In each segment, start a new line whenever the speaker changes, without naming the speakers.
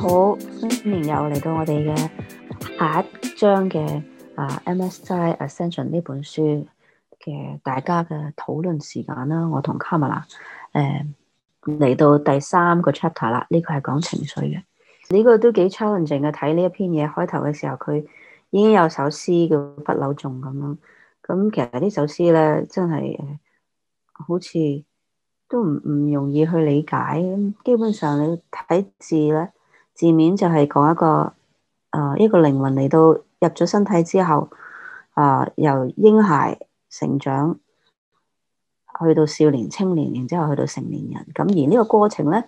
好，今年又嚟到我哋嘅下一章嘅啊《M S I Ascension》呢本書嘅大家嘅討論時間啦。我同卡米拉誒嚟到第三個 chapter 啦。呢個係講情緒嘅，呢、這個都幾 challenging 嘅。睇呢一篇嘢，開頭嘅時候，佢已經有首詩叫《不朽頌》咁樣。咁其實首呢首詩咧，真係好似都唔唔容易去理解。咁基本上你睇字咧。字面就係講一個，誒、呃、一個靈魂嚟到入咗身體之後，啊、呃、由嬰孩成長，去到少年、青年，然之後去到成年人。咁而呢個過程呢，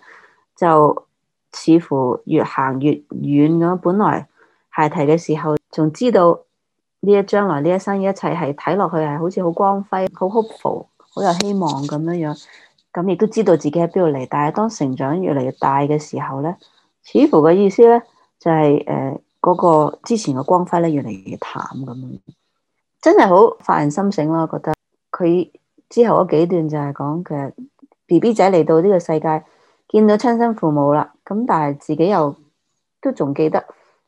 就似乎越行越遠咁。本來孩提嘅時候，仲知道呢一將來呢一生一切係睇落去係好似好光輝、好 hopeful、好有希望咁樣樣。咁亦都知道自己喺邊度嚟，但係當成長越嚟越大嘅時候呢。似乎嘅意思咧，就係誒嗰個之前嘅光輝咧，越嚟越淡咁樣，真係好發人心醒咯。我覺得佢之後嗰幾段就係講其實 B B 仔嚟到呢個世界，見到親生父母啦，咁但係自己又都仲記得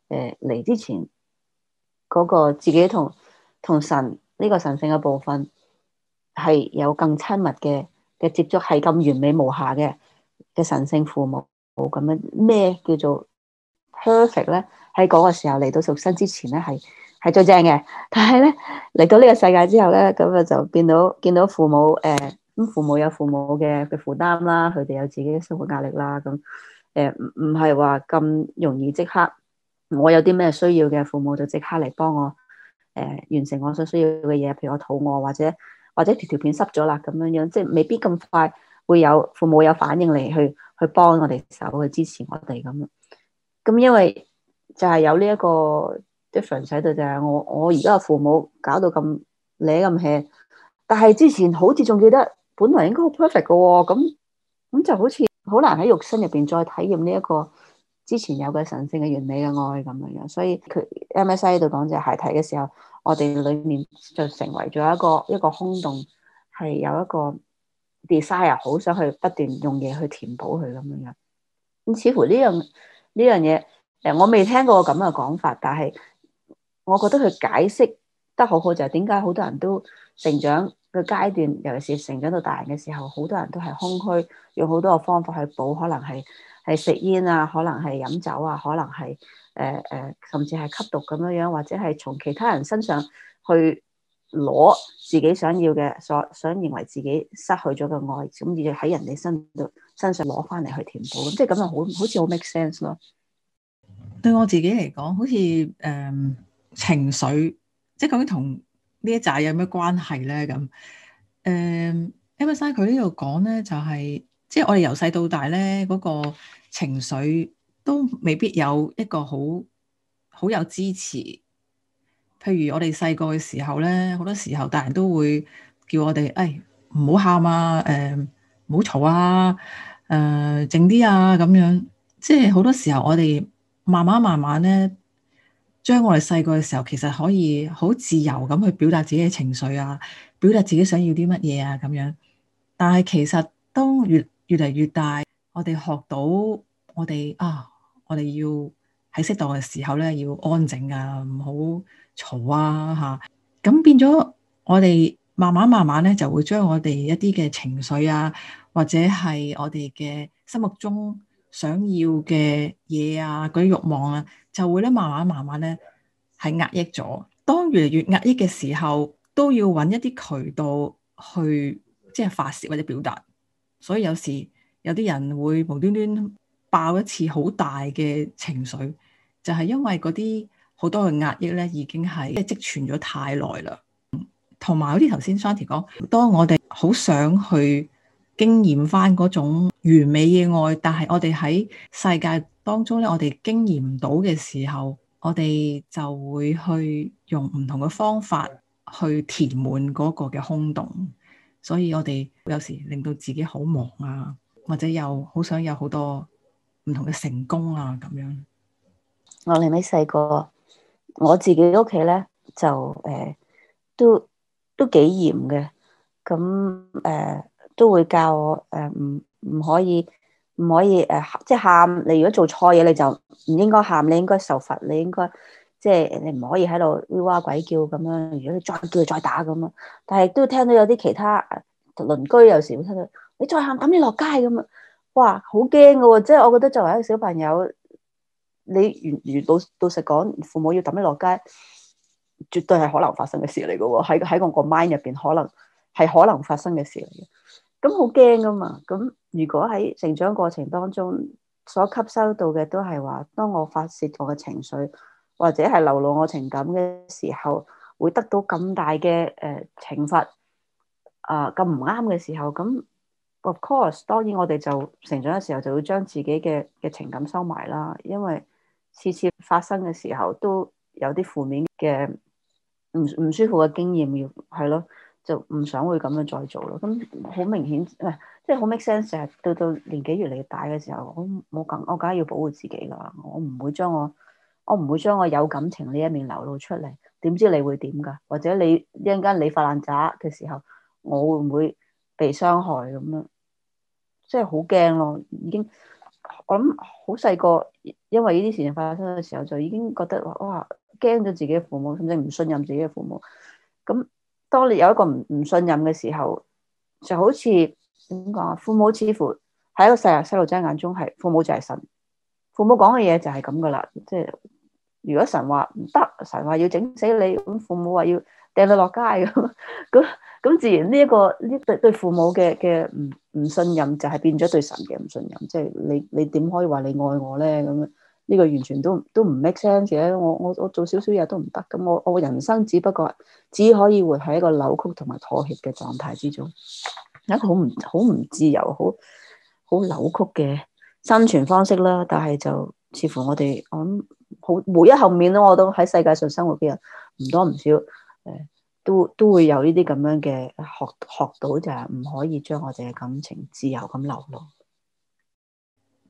誒嚟、呃、之前嗰、嗰個自己同同神呢、呢個神聖嘅部分係有更親密嘅嘅接觸，係咁完美無瑕嘅嘅神聖父母。我咁樣咩叫做 perfect 咧？喺嗰個時候嚟到重生之前咧，係係最正嘅。但係咧嚟到呢個世界之後咧，咁啊就變到見到父母誒，咁、呃、父母有父母嘅嘅負擔啦，佢哋有自己嘅生活壓力啦。咁誒唔唔係話咁容易即刻，我有啲咩需要嘅，父母就即刻嚟幫我誒、呃、完成我所需要嘅嘢。譬如我肚餓，或者或者條條片濕咗啦，咁樣樣即係未必咁快會有父母有反應嚟去。去幫我哋手去支持我哋咁，咁因為就係有呢一個 difference 喺度，就係、是、我我而家嘅父母搞到咁你咁 hea 但係之前好似仲記得本來應該好 perfect 噶喎，咁咁就好似好難喺肉身入邊再體驗呢一個之前有嘅神聖嘅完美嘅愛咁樣樣，所以佢 MSC 度講就係孩提嘅時候，我哋裏面就成為咗一個一個空洞，係有一個。design 又好想去不斷用嘢去填補佢咁樣樣，咁似乎呢樣呢樣嘢，誒、這個、我未聽過咁嘅講法，但係我覺得佢解釋得好好，就係點解好多人都成長嘅階段，尤其是成長到大人嘅時候，好多人都係空虛，用好多嘅方法去補，可能係係食煙啊，可能係飲酒啊，可能係誒誒，甚至係吸毒咁樣樣，或者係從其他人身上去，攞自己想要嘅，所想認為自己失去咗嘅愛，咁而喺人哋身度身上攞返嚟去填補，咁即係咁樣好好似好 make sense 咯。
對我自己嚟講，好似誒、呃、情緒，即係究竟同呢一扎有咩關係咧？咁誒，Emma Sir 佢呢度講咧，就係、是、即係我哋由細到大咧，嗰、那個情緒都未必有一個好好有支持。譬如我哋細個嘅時候咧，好多時候大人都會叫我哋，誒，唔好喊啊，誒，唔好嘈啊，誒、呃、靜啲啊咁樣。即係好多時候我哋慢慢慢慢咧，將我哋細個嘅時候其實可以好自由咁去表達自己嘅情緒啊，表達自己想要啲乜嘢啊咁樣。但係其實當越越嚟越大，我哋學到我哋啊，我哋要。喺適當嘅時候咧，要安靜啊，唔好嘈啊，嚇！咁變咗，我哋慢慢慢慢咧，就會將我哋一啲嘅情緒啊，或者係我哋嘅心目中想要嘅嘢啊，嗰啲慾望啊，就會咧慢慢慢慢咧係壓抑咗。當越嚟越壓抑嘅時候，都要搵一啲渠道去即係發洩或者表達。所以有時有啲人會無端端爆一次好大嘅情緒。就係因為嗰啲好多嘅壓抑咧，已經係即係積存咗太耐啦。同埋好似頭先 Shanti 講，當我哋好想去經驗翻嗰種完美嘅愛，但係我哋喺世界當中咧，我哋經驗唔到嘅時候，我哋就會去用唔同嘅方法去填滿嗰個嘅空洞。所以我哋有時令到自己好忙啊，或者又好想有好多唔同嘅成功啊，咁樣。我
哋咪細個，我自己屋企咧，就誒、呃，都都幾嚴嘅，咁誒、呃、都會教我誒，唔、呃、唔可以唔可以誒、呃，即係喊，你如果做錯嘢，你就唔應該喊，你應該受罰，你應該即係你唔可以喺度哇鬼叫咁樣，如果你再叫，再打咁樣。但係都聽到有啲其他鄰居，有時會聽到你再喊，抌你落街咁啊！哇，好驚㗎喎，即係我覺得作為一個小朋友，你如如老老實講，父母要抌你落街，絕對係可能發生嘅事嚟噶喎。喺喺我個 mind 入邊，可能係可能發生嘅事嚟嘅。咁好驚噶嘛？咁如果喺成長過程當中所吸收到嘅都係話，當我發洩我嘅情緒或者係流露我情感嘅時候，會得到咁大嘅誒懲罰啊咁唔啱嘅時候，咁 of course 當然我哋就成長嘅時候就會將自己嘅嘅情感收埋啦，因為。次次發生嘅時候都有啲負面嘅唔唔舒服嘅經驗，要係咯，就唔想會咁樣再做咯。咁好明顯，唔即係好 make sense。到到年紀越嚟越大嘅時候，我冇咁，我梗係要保護自己啦。我唔會將我，我唔會將我有感情呢一面流露出嚟。點知你會點噶？或者你一陣間你發爛渣嘅時候，我會唔會被傷害咁樣？即係好驚咯，已經。我諗好細個，因為呢啲事情發生嘅時候，就已經覺得哇，驚咗自己嘅父母，甚至唔信任自己嘅父母。咁當你有一個唔唔信任嘅時候，就好似點講，父母似乎喺一個細路仔眼中係父母就係神，父母講嘅嘢就係咁噶啦。即係如果神話唔得，神話要整死你，咁父母話要。掟到落街咁，咁 咁自然呢、呢、一個呢對、呢個、對父母嘅嘅唔唔信任，就係變咗對神嘅唔信任。即係你你點可以話你愛我咧？咁樣呢個完全都都唔 make sense 嘅。我我我做少少嘢都唔得。咁我我人生只不過只可以活喺一個扭曲同埋妥協嘅狀態之中，一個好唔好唔自由、好好扭曲嘅生存方式啦。但係就似乎我哋我諗好每一後面都我都喺世界上生活嘅人唔多唔少。誒，都都會有呢啲咁樣嘅學
學到就係唔可以將我哋嘅感情自由咁流露。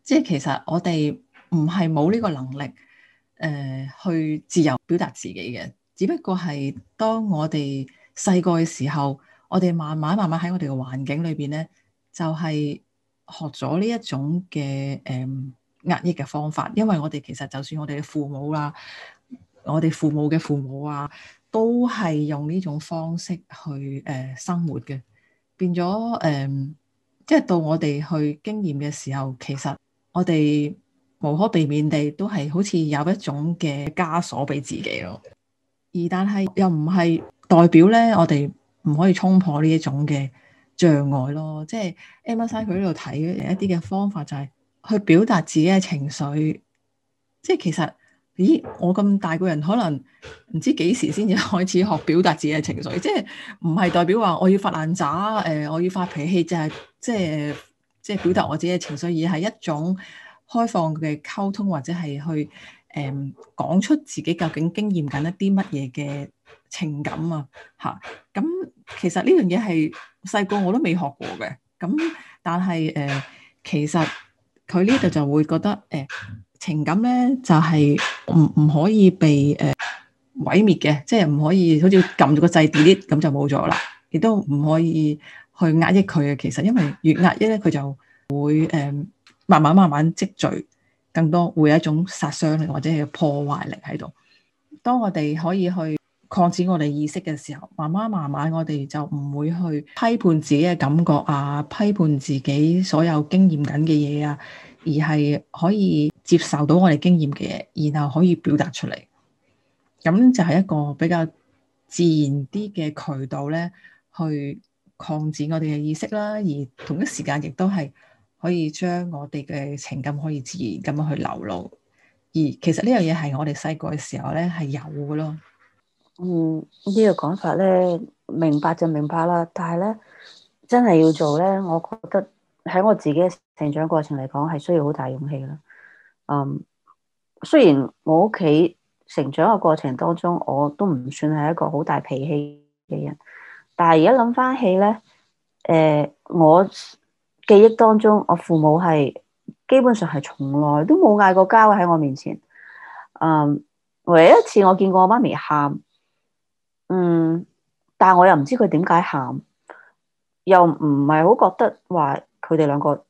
即係其實我哋唔係冇呢個能力誒、呃，去自由表達自己嘅，只不過係當我哋細個嘅時候，我哋慢慢慢慢喺我哋嘅環境裏邊咧，就係、是、學咗呢一種嘅誒壓抑嘅方法。因為我哋其實就算我哋嘅父母啦，我哋父母嘅父母啊。都係用呢種方式去誒、呃、生活嘅，變咗誒、呃，即係到我哋去經驗嘅時候，其實我哋無可避免地都係好似有一種嘅枷鎖俾自己咯。而但係又唔係代表咧，我哋唔可以衝破呢一種嘅障礙咯。即係 M Sir 佢呢度睇嘅一啲嘅方法，就係去表達自己嘅情緒，即係其實。咦，我咁大個人，可能唔知幾時先至開始學表達自己嘅情緒，即係唔係代表話我要發爛渣，誒，我要發脾氣，就係即係即係表達我自己嘅情緒，而係一種開放嘅溝通，或者係去誒嗯、講出自己究竟經驗緊一啲乜嘢嘅情感啊，吓，咁其實呢樣嘢係細個我都未學過嘅，咁但係誒，其實佢呢度就會覺得誒。嗯情感咧就係唔唔可以被誒、呃、毀滅嘅，即係唔可以好似撳住個掣 delete 咁就冇咗啦，亦都唔可以去壓抑佢嘅。其實因為越壓抑咧，佢就會誒、呃、慢慢慢慢積聚更多，會有一種殺傷力或者係破壞力喺度。當我哋可以去擴展我哋意識嘅時候，慢慢慢慢，我哋就唔會去批判自己嘅感覺啊，批判自己所有經驗緊嘅嘢啊。而係可以接受到我哋經驗嘅嘢，然後可以表達出嚟，咁就係一個比較自然啲嘅渠道咧，去擴展我哋嘅意識啦。而同一時間亦都係可以將我哋嘅情感可以自然咁樣去流露。而其實呢樣嘢係我哋細個嘅時候咧係有嘅咯。嗯，
這個、呢個講法咧，明白就明白啦。但係咧，真係要做咧，我覺得。喺我自己嘅成長過程嚟講，係需要好大勇氣啦。嗯，雖然我屋企成長嘅過程當中，我都唔算係一個好大脾氣嘅人，但係而家諗翻起咧，誒、呃，我記憶當中，我父母係基本上係從來都冇嗌過交喺我面前。嗯，唯一一次我見過我媽咪喊，嗯，但係我又唔知佢點解喊，又唔係好覺得話。佢哋兩個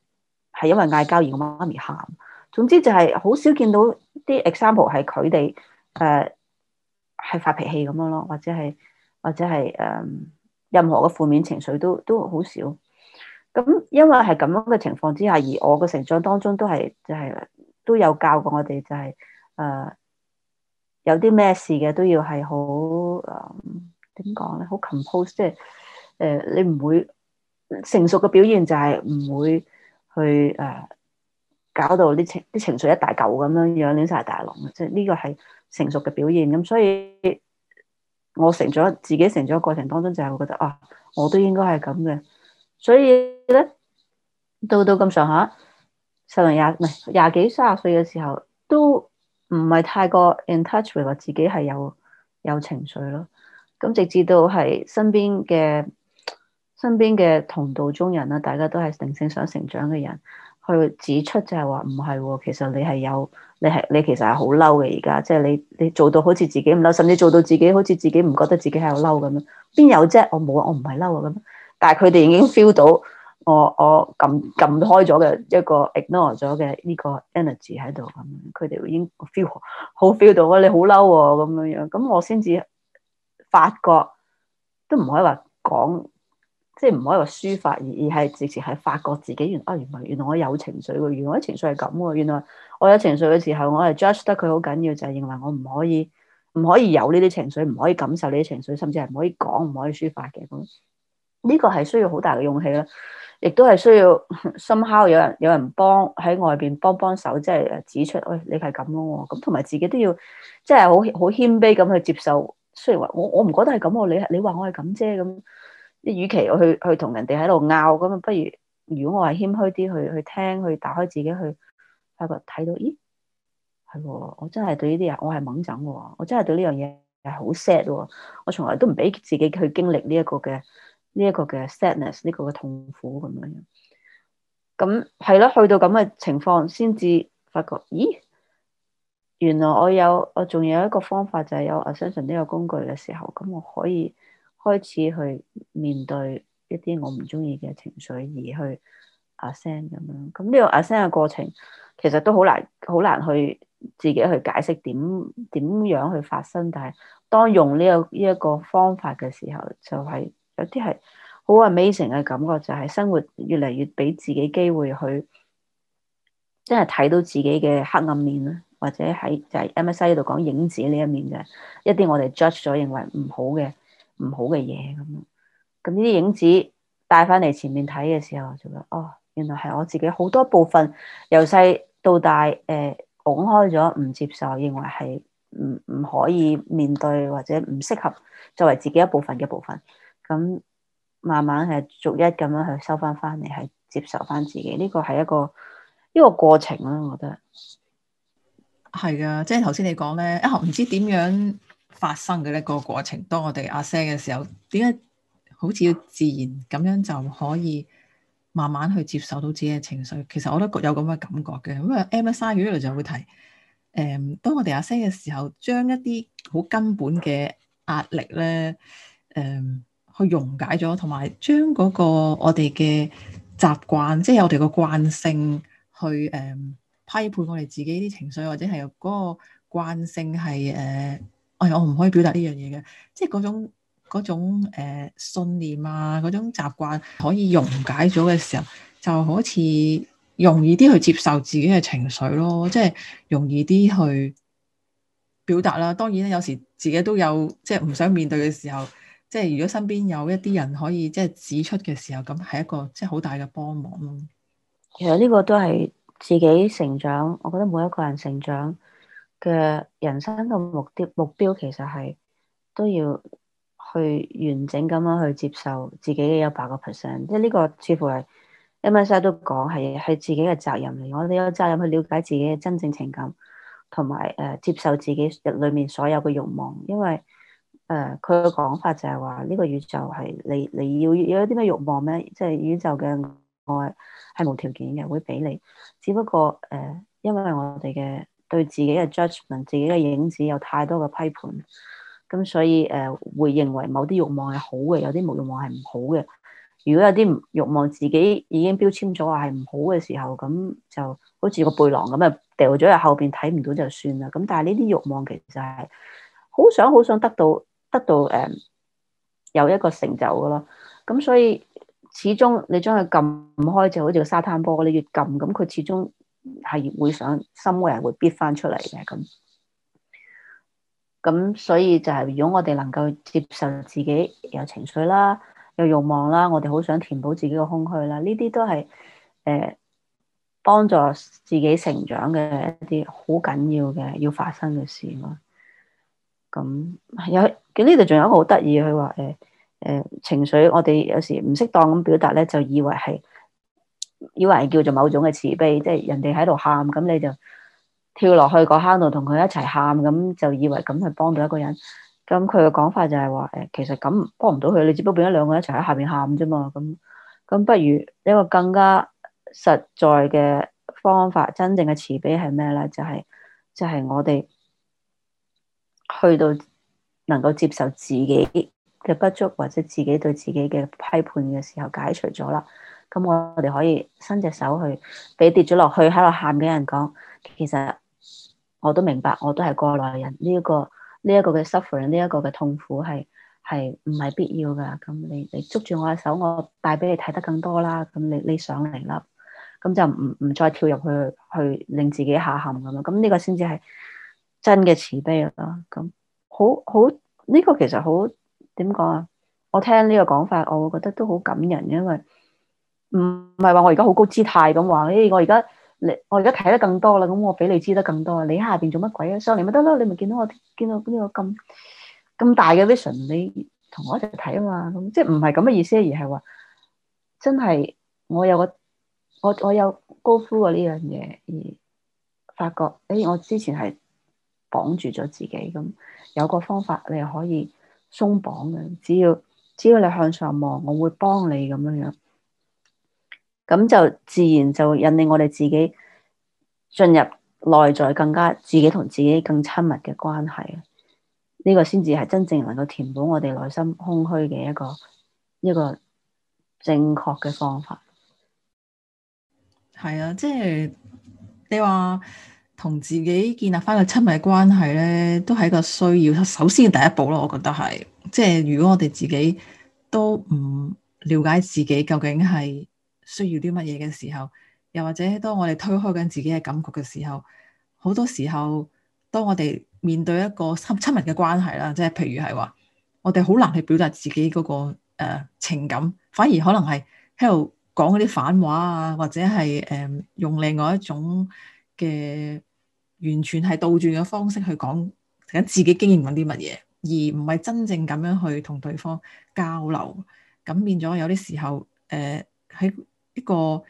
係因為嗌交而媽咪喊，總之就係好少見到啲 example 係佢哋誒係發脾氣咁樣咯，或者係或者係誒、呃、任何嘅負面情緒都都好少。咁因為係咁樣嘅情況之下，而我嘅成長當中都係就係、是、都有教過我哋就係、是、誒、呃、有啲咩事嘅都要係好誒點講咧，好 composed 即係誒你唔會。成熟嘅表現就係唔會去誒、啊、搞到啲情啲情緒一大嚿咁樣樣亂曬大龍，即係呢個係成熟嘅表現。咁所以我成長自己成長嘅過程當中就係會覺得啊，我都應該係咁嘅。所以咧，到到咁上下，十零廿唔係廿幾卅歲嘅時候，都唔係太過 in touch with 自己係有有情緒咯。咁直至到係身邊嘅。身邊嘅同道中人啦，大家都係定性想成長嘅人，去指出就係話唔係，其實你係有，你係你其實係好嬲嘅。而家即係你你做到好似自己唔嬲，甚至做到自己好似自己唔覺得自己喺度嬲咁樣，邊有啫？我冇啊，我唔係嬲啊咁。但係佢哋已經 feel 到我我撳撳開咗嘅一個 ignore 咗嘅呢個 energy 喺度咁樣，佢哋已經 feel 好 feel 到啊，你好嬲啊咁樣樣。咁我先至發覺都唔可以話講。即係唔可以話抒發而而係直接係發覺自己原啊原來原來我有情緒嘅，原來啲情緒係咁嘅，原來我有情緒嘅時候，我係 judge 得佢好緊要，就係、是、認為我唔可以唔可以有呢啲情緒，唔可以感受呢啲情緒，甚至係唔可以講，唔可以抒發嘅咁。呢個係需要好大嘅勇氣啦，亦都係需要深敲有人有人幫喺外邊幫幫手，即係指出，喂、哎、你係咁咯，咁同埋自己都要即係好好謙卑咁去接受。雖然話我我唔覺得係咁喎，你你話我係咁啫咁。即係，與其我去去同人哋喺度拗咁，不如如果我係謙虛啲去去聽，去打開自己去，發覺睇到，咦係喎！我真係對呢啲人，我係掹整喎！我真係對呢樣嘢係好 sad 喎！我從來都唔俾自己去經歷呢一個嘅呢一個嘅 sadness，呢個嘅痛苦咁樣。咁係咯，去到咁嘅情況先至發覺，咦，原來我有我仲有一個方法，就係有我相信呢個工具嘅時候，咁我可以，開始去面對一啲我唔中意嘅情緒，而去阿 send 咁樣。咁呢個阿 send 嘅過程，其實都好難，好難去自己去解釋點點樣去發生。但係當用呢個呢一個方法嘅時候，就係有啲係好 amazing 嘅感覺，就係生活越嚟越俾自己機會去，真係睇到自己嘅黑暗面啦。或者喺就係 M S I 度講影子呢一面嘅一啲，我哋 judge 咗認為唔好嘅。唔好嘅嘢咁，咁呢啲影子帶翻嚟前面睇嘅時候，就覺，哦，原來係我自己好多部分由細到大，誒、呃，拱開咗，唔接受，認為係唔唔可以面對或者唔適合作為自己一部分嘅部分。咁慢慢係逐一咁樣去收翻翻嚟，係接受翻自己。呢、這個係一個呢、這個過
程啦，我覺得係噶，即係頭先你講咧，啊，唔知點樣。發生嘅呢個過程，當我哋壓聲嘅時候，點解好似要自然咁樣就可以慢慢去接受到自己嘅情緒？其實我都有咁嘅感覺嘅。咁啊，M S I 呢度就會提誒，當我哋壓聲嘅時候，將一啲好根本嘅壓力咧誒、嗯，去溶解咗，同埋將嗰個我哋嘅習慣，即係我哋個慣性去誒、嗯、批判我哋自己啲情緒，或者係嗰個慣性係誒。呃係、哎、我唔可以表達呢樣嘢嘅，即係嗰種嗰種誒、呃、信念啊，嗰種習慣可以溶解咗嘅時候，就好似容易啲去接受自己嘅情緒咯，即係容易啲去表達啦。當然咧，有時自己都有即係唔想面對嘅時候，即係如果身邊有一啲人可以即係指出嘅時候，咁係一個即係好大嘅幫忙咯。
其實呢個都係自己成長，我覺得每一個人成長。嘅人生嘅目的目標其實係都要去完整咁樣去接受自己嘅一百個 percent，即係呢個似乎係，M S I 都講係係自己嘅責任嚟。我哋有責任去了解自己嘅真正情感，同埋誒接受自己入裏面所有嘅慾望。因為誒佢嘅講法就係話呢個宇宙係你你要，要有一啲咩慾望咩？即係宇宙嘅愛係無條件嘅，會俾你。只不過誒、呃、因為我哋嘅對自己嘅 judgment，自己嘅影子有太多嘅批判，咁所以誒、呃、會認為某啲欲望係好嘅，有啲無欲望係唔好嘅。如果有啲欲望自己已經標籤咗話係唔好嘅時候，咁就好似個背囊咁啊掉咗喺後邊睇唔到就算啦。咁但係呢啲欲望其實係好想好想得到，得到誒、呃、有一個成就噶咯。咁所以始終你將佢撳唔開就好似個沙灘波，你越撳咁佢始終。係會想心嘅人會逼翻出嚟嘅咁，咁所以就係如果我哋能夠接受自己有情緒啦，有欲望啦，我哋好想填補自己嘅空虛啦，呢啲都係誒幫助自己成長嘅一啲好緊要嘅要發生嘅事咯。咁有呢度仲有一個好得意，佢話誒誒情緒，我哋有時唔適當咁表達咧，就以為係。以為叫做某種嘅慈悲，即係人哋喺度喊，咁你就跳落去個坑度同佢一齊喊，咁就以為咁係幫到一個人。咁佢嘅講法就係話，誒，其實咁幫唔到佢，你只不過變咗兩個一齊喺下邊喊啫嘛。咁咁不如一個更加實在嘅方法，真正嘅慈悲係咩咧？就係就係我哋去到能夠接受自己嘅不足，或者自己對自己嘅批判嘅時候，解除咗啦。咁我我哋可以伸隻手去俾跌咗落去喺度喊嘅人講，其實我都明白，我都係過來人，呢一個呢一個嘅 suffering，呢一個嘅痛苦係係唔係必要噶。咁你你捉住我嘅手，我帶俾你睇得更多啦。咁你你上嚟啦，咁就唔唔再跳入去去令自己下陷咁樣。咁呢個先至係真嘅慈悲啦。咁好好呢個其實好點講啊？我聽呢個講法，我會覺得都好感人，因為。唔唔係話我而家好高姿態咁話，誒、欸、我而家你我而家睇得更多啦，咁我俾你知得更多，你喺下邊做乜鬼啊？上嚟咪得咯，你咪見到我見到呢個咁咁大嘅 vision，你同我一齊睇啊嘛，咁即係唔係咁嘅意思，而係話真係我有個我我有 go through 過呢樣嘢，而發覺誒、欸、我之前係綁住咗自己咁，有個方法你可以鬆綁嘅，只要只要你向上望，我會幫你咁樣樣。咁就自然就引領我哋自己進入內在更加自己同自己更親密嘅關係，呢個先至係真正能夠填補我哋內心空虛嘅一個一個正確嘅方法。
係啊，即係你話同自己建立翻個親密關係咧，都係一個需要，首先第一步咯。我覺得係，即係如果我哋自己都唔了解自己究竟係。需要啲乜嘢嘅時候，又或者當我哋推開緊自己嘅感覺嘅時候，好多時候，當我哋面對一個親密嘅關係啦，即係譬如係話，我哋好難去表達自己嗰、那個誒、呃、情感，反而可能係喺度講嗰啲反話啊，或者係誒、呃、用另外一種嘅完全係倒轉嘅方式去講緊自己經營緊啲乜嘢，而唔係真正咁樣去同對方交流，咁變咗有啲時候誒。喺、呃。一個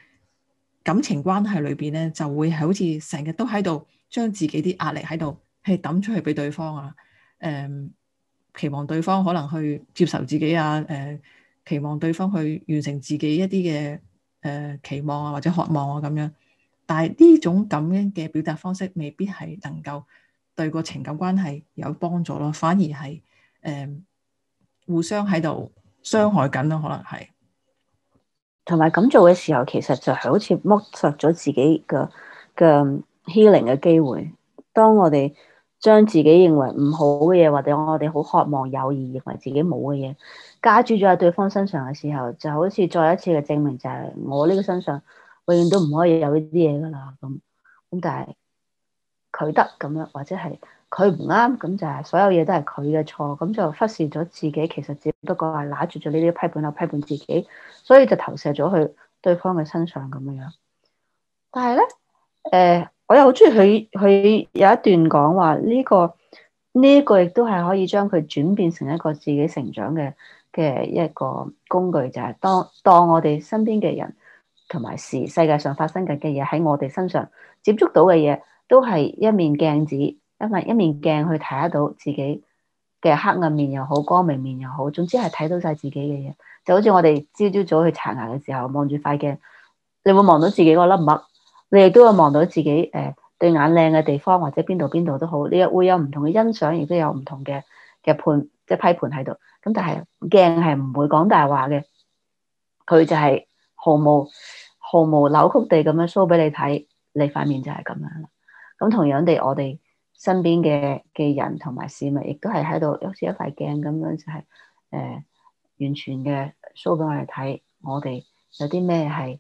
感情關係裏邊咧，就會係好似成日都喺度將自己啲壓力喺度去抌出去俾對方啊，誒、呃，期望對方可能去接受自己啊，誒、呃，期望對方去完成自己一啲嘅、誒期望啊，或者渴望啊咁樣。但係呢種咁樣嘅表達方式，未必係能夠對個情感關係有幫助咯、啊，反而係誒、呃、互相喺度傷害緊咯、啊，可能係。
同埋咁做嘅時候，其實就係好似剝奪咗自己嘅嘅 healing 嘅機會。當我哋將自己認為唔好嘅嘢，或者我哋好渴望有意認為自己冇嘅嘢，加注咗喺對方身上嘅時候，就好似再一次嘅證明，就係我呢個身上永遠都唔可以有呢啲嘢噶啦。咁咁，但係佢得咁樣，或者係。佢唔啱，咁就係所有嘢都係佢嘅錯，咁就忽視咗自己。其實只不過係拿住咗呢啲批判，批判自己，所以就投射咗去對方嘅身上咁樣。但係咧，誒、呃，我又好鍾意佢，佢有一段講話呢個呢個，亦都係可以將佢轉變成一個自己成長嘅嘅一個工具，就係、是、當當我哋身邊嘅人同埋事，世界上發生緊嘅嘢喺我哋身上接觸到嘅嘢，都係一面鏡子。一面鏡去睇得到自己嘅黑暗面又好，光明面又好，總之係睇到晒自己嘅嘢。就好似我哋朝朝早去刷牙嘅時候，望住塊鏡，你會望到自己個粒墨，你亦都會望到自己誒對眼靚嘅地方，或者邊度邊度都好。你會有唔同嘅欣賞，亦都有唔同嘅嘅判，即係批判喺度。咁但係鏡係唔會講大話嘅，佢就係毫無毫無扭曲地咁樣 show 俾你睇，你塊面就係咁樣啦。咁同樣地，我哋。身邊嘅嘅人同埋事物，亦都係喺度好似一塊鏡咁樣，就係、是、誒、呃、完全嘅 show 俾我哋睇。我哋有啲咩係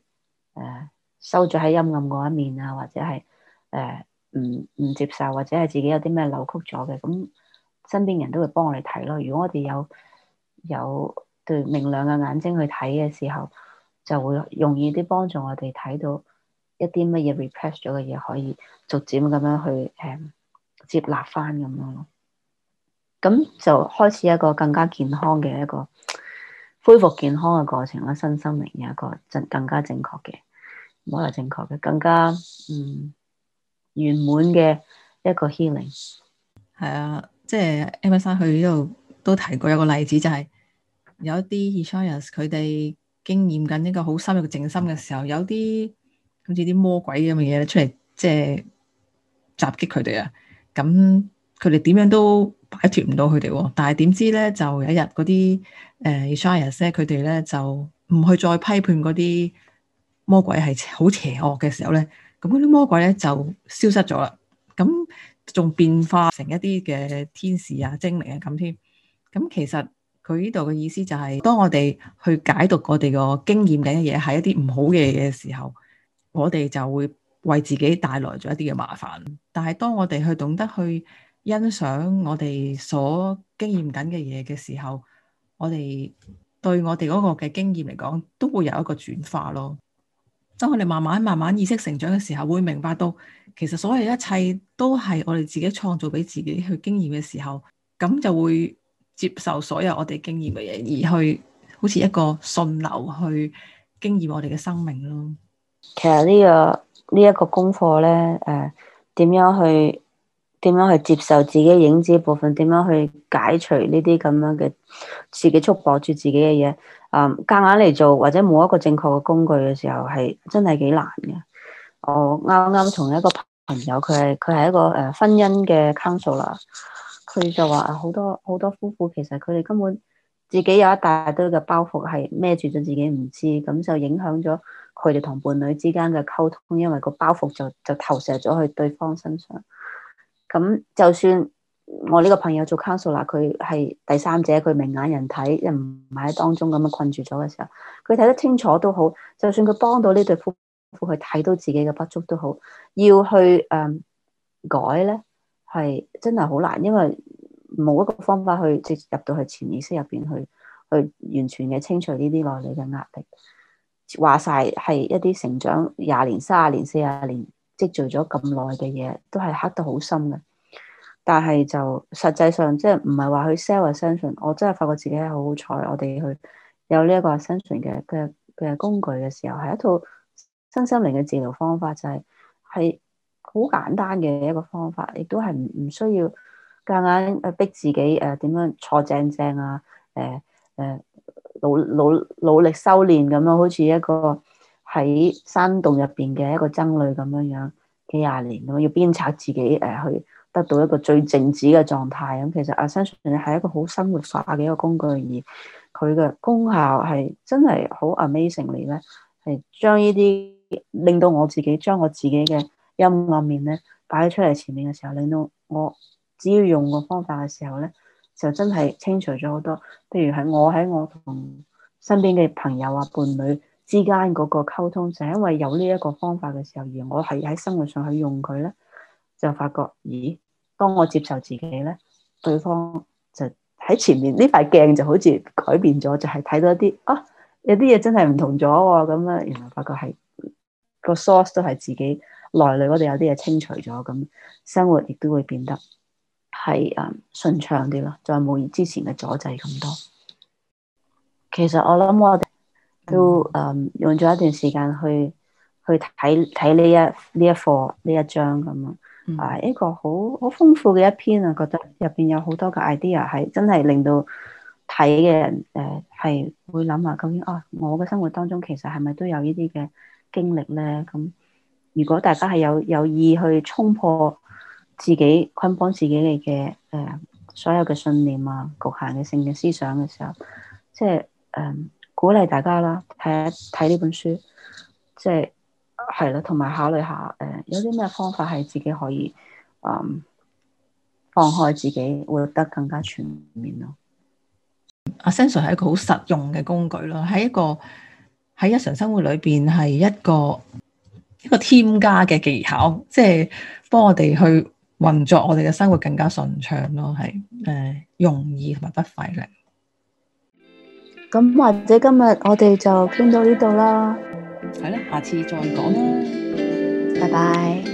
誒收咗喺陰暗嗰一面啊，或者係誒唔唔接受，或者係自己有啲咩扭曲咗嘅，咁身邊人都會幫我哋睇咯。如果我哋有有對明亮嘅眼睛去睇嘅時候，就會容易啲幫助我哋睇到一啲乜嘢 repress 咗嘅嘢，可以逐漸咁樣去誒。呃接納翻咁樣咯，咁就開始一個更加健康嘅一個恢復健康嘅過程啦，身心靈一個正更加正確嘅，唔好話正確嘅更加嗯
圓滿嘅一個 healing。係啊，即、就、係、是、Emma 生去呢度都提過一個例子、就是，就係有一啲 healers 佢哋經驗緊一個好深入嘅靜心嘅時候，有啲好似啲魔鬼咁嘅嘢咧出嚟，即係襲擊佢哋啊！咁佢哋點樣都擺脱唔到佢哋喎，但係點知咧就有一日嗰啲誒試驗者佢哋咧就唔去再批判嗰啲魔鬼係好邪惡嘅時候咧，咁嗰啲魔鬼咧就消失咗啦，咁仲變化成一啲嘅天使啊、精靈啊咁添。咁其實佢呢度嘅意思就係、是，當我哋去解讀我哋個經驗嘅嘢係一啲唔好嘅嘢嘅時候，我哋就會，為自己帶來咗一啲嘅麻煩，但係當我哋去懂得去欣賞我哋所經驗緊嘅嘢嘅時候，我哋對我哋嗰個嘅經驗嚟講，都會有一個轉化咯。當我哋慢慢慢慢意識成長嘅時候，會明白到其實所有一切都係我哋自己創造俾自己去經驗嘅時候，咁就會接受所有我哋經驗嘅嘢，而去好似一個順流去經驗我哋嘅生命咯。
其實呢個～呢一個功課咧，誒、呃、點樣去點樣去接受自己影子部分？點樣去解除呢啲咁樣嘅自己束縛住自己嘅嘢？啊、呃，夾硬嚟做或者冇一個正確嘅工具嘅時候，係真係幾難嘅。我啱啱同一個朋友，佢係佢係一個誒婚姻嘅 counselor，佢就話啊，好多好多夫婦其實佢哋根本自己有一大堆嘅包袱係孭住咗自己唔知，咁就影響咗。佢哋同伴侶之間嘅溝通，因為個包袱就就投射咗去對方身上。咁就算我呢個朋友做 counsel 啦，佢係第三者，佢明眼人睇，又唔係當中咁樣困住咗嘅時候，佢睇得清楚都好。就算佢幫到呢對夫婦去睇到自己嘅不足都好，要去誒、um, 改咧，係真係好難，因為冇一個方法去直接入到去潛意識入邊去，去完全嘅清除呢啲內裡嘅壓力。話晒係一啲成長廿年、三廿年、四廿年積聚咗咁耐嘅嘢，都係刻得好深嘅。但係就實際上，即係唔係話去 sell ascension。我真係發覺自己係好好彩，我哋去有呢一個 ascension 嘅嘅嘅工具嘅時候，係一套身心靈嘅治療方法，就係係好簡單嘅一個方法，亦都係唔唔需要夾硬逼自己誒點呃樣坐正正啊誒誒。呃呃努努努力修煉咁樣，好似一個喺山洞入邊嘅一個僧侶咁樣樣，幾廿年咁要鞭策自己誒，去得到一個最靜止嘅狀態。咁其實阿身上係一個好生活化嘅一個工具，而佢嘅功效係真係好 amazingly 咧，係將呢啲令到我自己將我自己嘅陰暗面咧擺喺出嚟前面嘅時候，令到我只要用個方法嘅時候咧。就真係清除咗好多，譬如係我喺我同身邊嘅朋友啊伴侶之間嗰個溝通，就係因為有呢一個方法嘅時候，而我係喺生活上去用佢咧，就發覺咦，當我接受自己咧，對方就喺前面呢塊鏡就好似改變咗，就係睇到一啲啊，有啲嘢真係唔同咗咁啊，然後發覺係個 source 都係自己內裏嗰度有啲嘢清除咗，咁生活亦都會變得。係啊，順暢啲咯，再冇之前嘅阻滯咁多。其實我諗我哋都誒用咗一段時間去去睇睇呢一呢一課呢一章咁、嗯、啊，一、這個好好豐富嘅一篇啊，我覺得入邊有好多嘅 idea，係真係令到睇嘅人誒係會諗下究竟啊，我嘅生活當中其實係咪都有呢啲嘅經歷咧？咁如果大家係有有意去衝破。自己捆綁自己嘅嘅誒，所有嘅信念啊，局限嘅性嘅思想嘅時候，即係誒、呃、鼓勵大家啦，睇睇呢本書，即係係啦，同埋考慮下誒、呃，有啲咩方法係自己可以嗯、呃、放開自己，活得更加全
面咯。阿 Senseur 係一個好實用嘅工具咯，係一個喺日常生活裏邊係一個一個添加嘅技巧，即係幫我哋去。運作我哋嘅生活更加順暢咯，係、嗯、容易、同埋不費力。
咁、嗯、或者今日我哋就傾
到呢度啦，係啦，下次再講啦，拜拜。